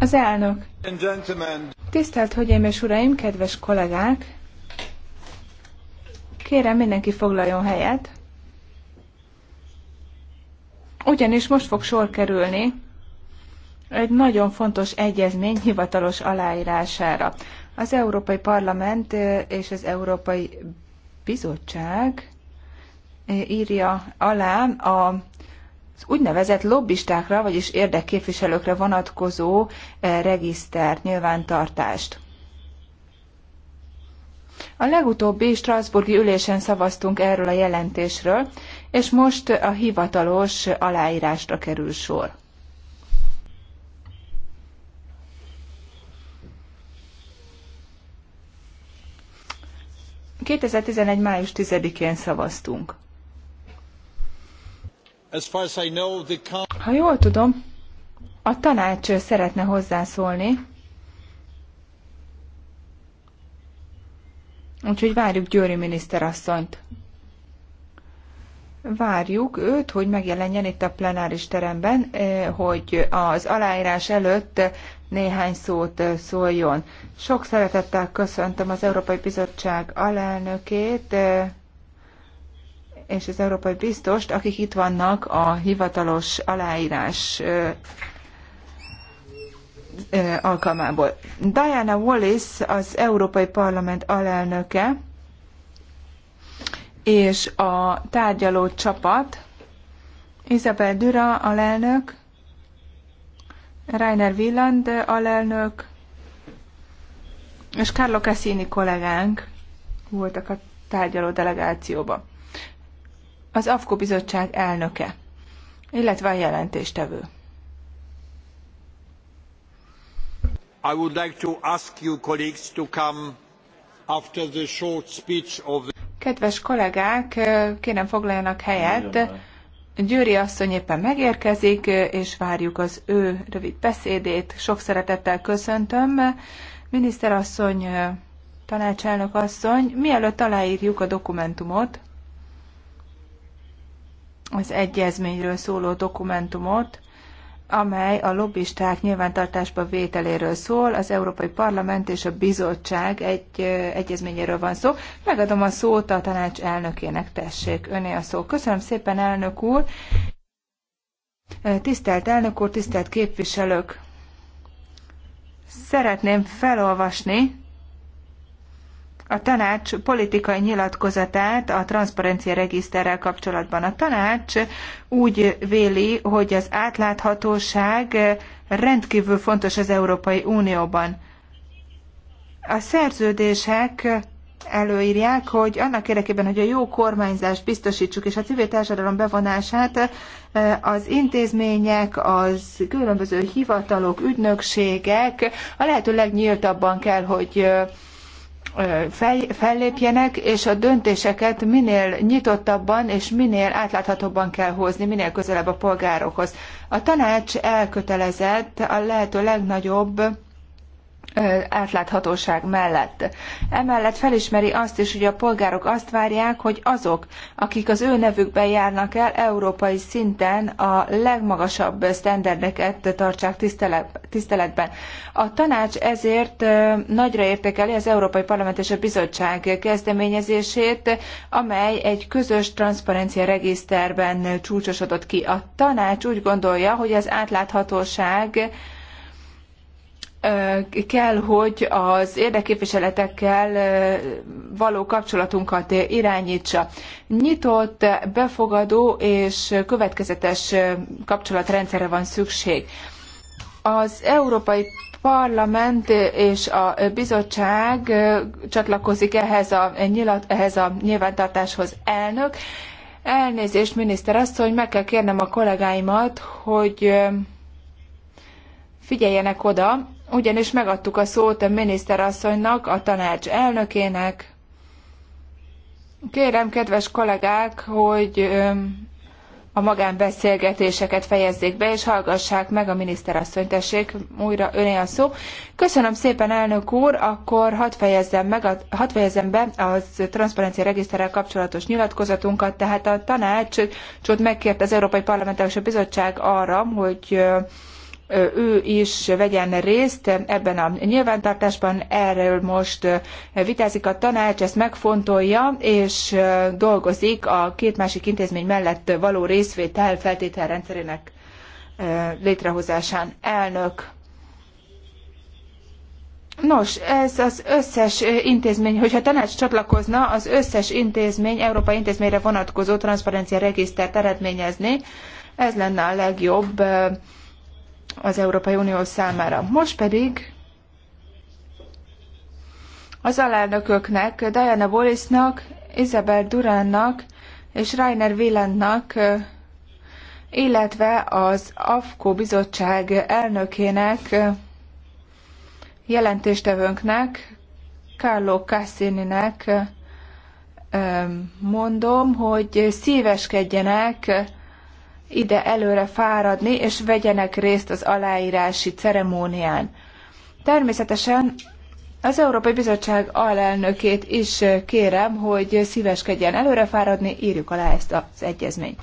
Az elnök. Tisztelt Hölgyeim és Uraim, kedves kollégák! Kérem, mindenki foglaljon helyet. Ugyanis most fog sor kerülni egy nagyon fontos egyezmény hivatalos aláírására. Az Európai Parlament és az Európai Bizottság írja alá a úgynevezett lobbistákra, vagyis érdekképviselőkre vonatkozó eh, regisztert, nyilvántartást. A legutóbbi Strasburgi ülésen szavaztunk erről a jelentésről, és most a hivatalos aláírásra kerül sor. ...2011. május 10-én szavaztunk. Ha jól tudom, a tanács szeretne hozzászólni. Úgyhogy várjuk Győri miniszterasszonyt. Várjuk őt, hogy megjelenjen itt a plenáris teremben, eh, hogy az aláírás előtt néhány szót eh, szóljon. Sok szeretettel köszöntöm az Európai Bizottság alelnökét, eh, és az Európai Biztost, akik itt vannak a hivatalos aláírás alkalmából. Diana Wallis az Európai Parlament alelnöke, és a tárgyaló csapat, Isabel Dura alelnök, Rainer Wieland alelnök, és Carlo Cassini kollégánk voltak a tárgyaló delegációba az AFKO bizottság elnöke, illetve a jelentéstevő. I would like to ask you colleagues to come after the short speech of the... Kedves kollégák, kérem foglaljanak helyet. Győri asszony éppen megérkezik, és várjuk az ő rövid beszédét. Sok szeretettel köszöntöm. Miniszterasszony, tanácselnök asszony, mielőtt aláírjuk a dokumentumot, az egyezményről szóló dokumentumot, amely a lobbisták nyilvántartásba vételéről szól, az Európai Parlament és a Bizottság egy egyezményéről van szó. Megadom a szót a tanács elnökének, tessék, öné a szó. Köszönöm szépen, elnök úr! Tisztelt elnök úr, tisztelt képviselők! Szeretném felolvasni a tanács politikai nyilatkozatát a transzparencia regiszterrel kapcsolatban. A tanács úgy véli, hogy az átláthatóság rendkívül fontos az Európai Unióban. A szerződések előírják, hogy annak érdekében, hogy a jó kormányzást biztosítsuk, és a civil társadalom bevonását az intézmények, az különböző hivatalok, ügynökségek a lehető legnyíltabban kell, hogy fellépjenek, és a döntéseket minél nyitottabban és minél átláthatóbban kell hozni, minél közelebb a polgárokhoz. A tanács elkötelezett a lehető legnagyobb átláthatóság mellett. Emellett felismeri azt is, hogy a polgárok azt várják, hogy azok, akik az ő nevükben járnak el, európai szinten a legmagasabb sztenderdeket tartsák tiszteletben. A tanács ezért nagyra értékeli az Európai Parlament és a Bizottság kezdeményezését, amely egy közös transzparencia regiszterben csúcsosodott ki. A tanács úgy gondolja, hogy az átláthatóság kell, hogy az érdekképviseletekkel való kapcsolatunkat irányítsa. Nyitott, befogadó és következetes kapcsolatrendszerre van szükség. Az Európai Parlament és a bizottság csatlakozik ehhez a, nyilat, ehhez a nyilvántartáshoz elnök. Elnézést, miniszter asszony, meg kell kérnem a kollégáimat, hogy figyeljenek oda, ugyanis megadtuk a szót a miniszterasszonynak, a tanács elnökének. Kérem, kedves kollégák, hogy a magánbeszélgetéseket fejezzék be, és hallgassák meg a miniszterasszony. Tessék, újra öné a szó. Köszönöm szépen, elnök úr, akkor hadd fejezzem, meg a, hadd fejezzem be az transzparencia regiszterrel kapcsolatos nyilatkozatunkat. Tehát a tanácsot megkért az Európai parlament a Bizottság arra, hogy ő is vegyen részt ebben a nyilvántartásban. Erről most vitázik a tanács, ezt megfontolja, és dolgozik a két másik intézmény mellett való részvétel feltételrendszerének létrehozásán. Elnök. Nos, ez az összes intézmény, hogyha tanács csatlakozna, az összes intézmény, Európai Intézményre vonatkozó transzparencia regisztert eredményezni, ez lenne a legjobb az Európai Unió számára. Most pedig az alelnököknek, Diana Borisnak, Isabel Duránnak és Rainer Wielandnak, illetve az AFKO bizottság elnökének, jelentéstevőnknek, Carlo Cassininek mondom, hogy szíveskedjenek ide előre fáradni, és vegyenek részt az aláírási ceremónián. Természetesen az Európai Bizottság alelnökét is kérem, hogy szíveskedjen előre fáradni, írjuk alá ezt az egyezményt.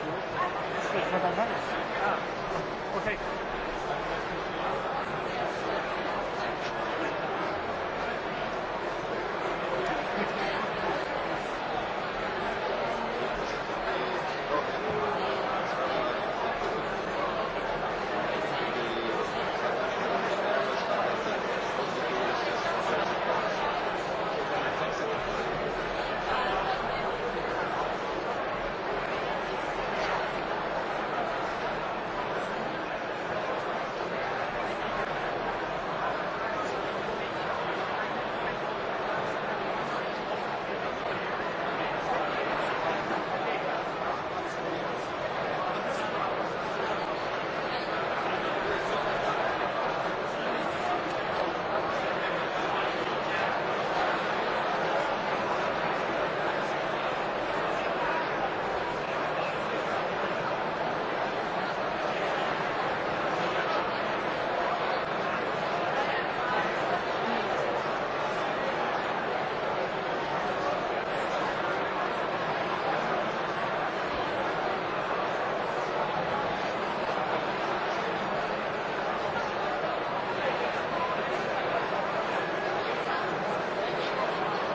Sí, no tardaron. Ah, ok.